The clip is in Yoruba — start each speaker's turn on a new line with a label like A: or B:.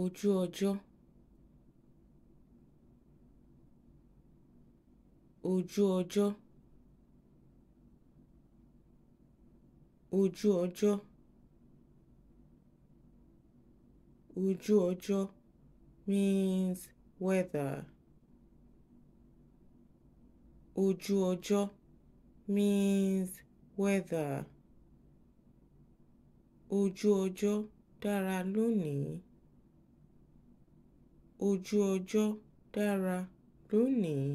A: ojú ọjọ́ ojú ọjọ́
B: ojú ọjọ́ ojú ọjọ́ means weather ojú ọjọ́ means weather ojú ọjọ́ dára lónìí ojú ọjọ́ dára lónìí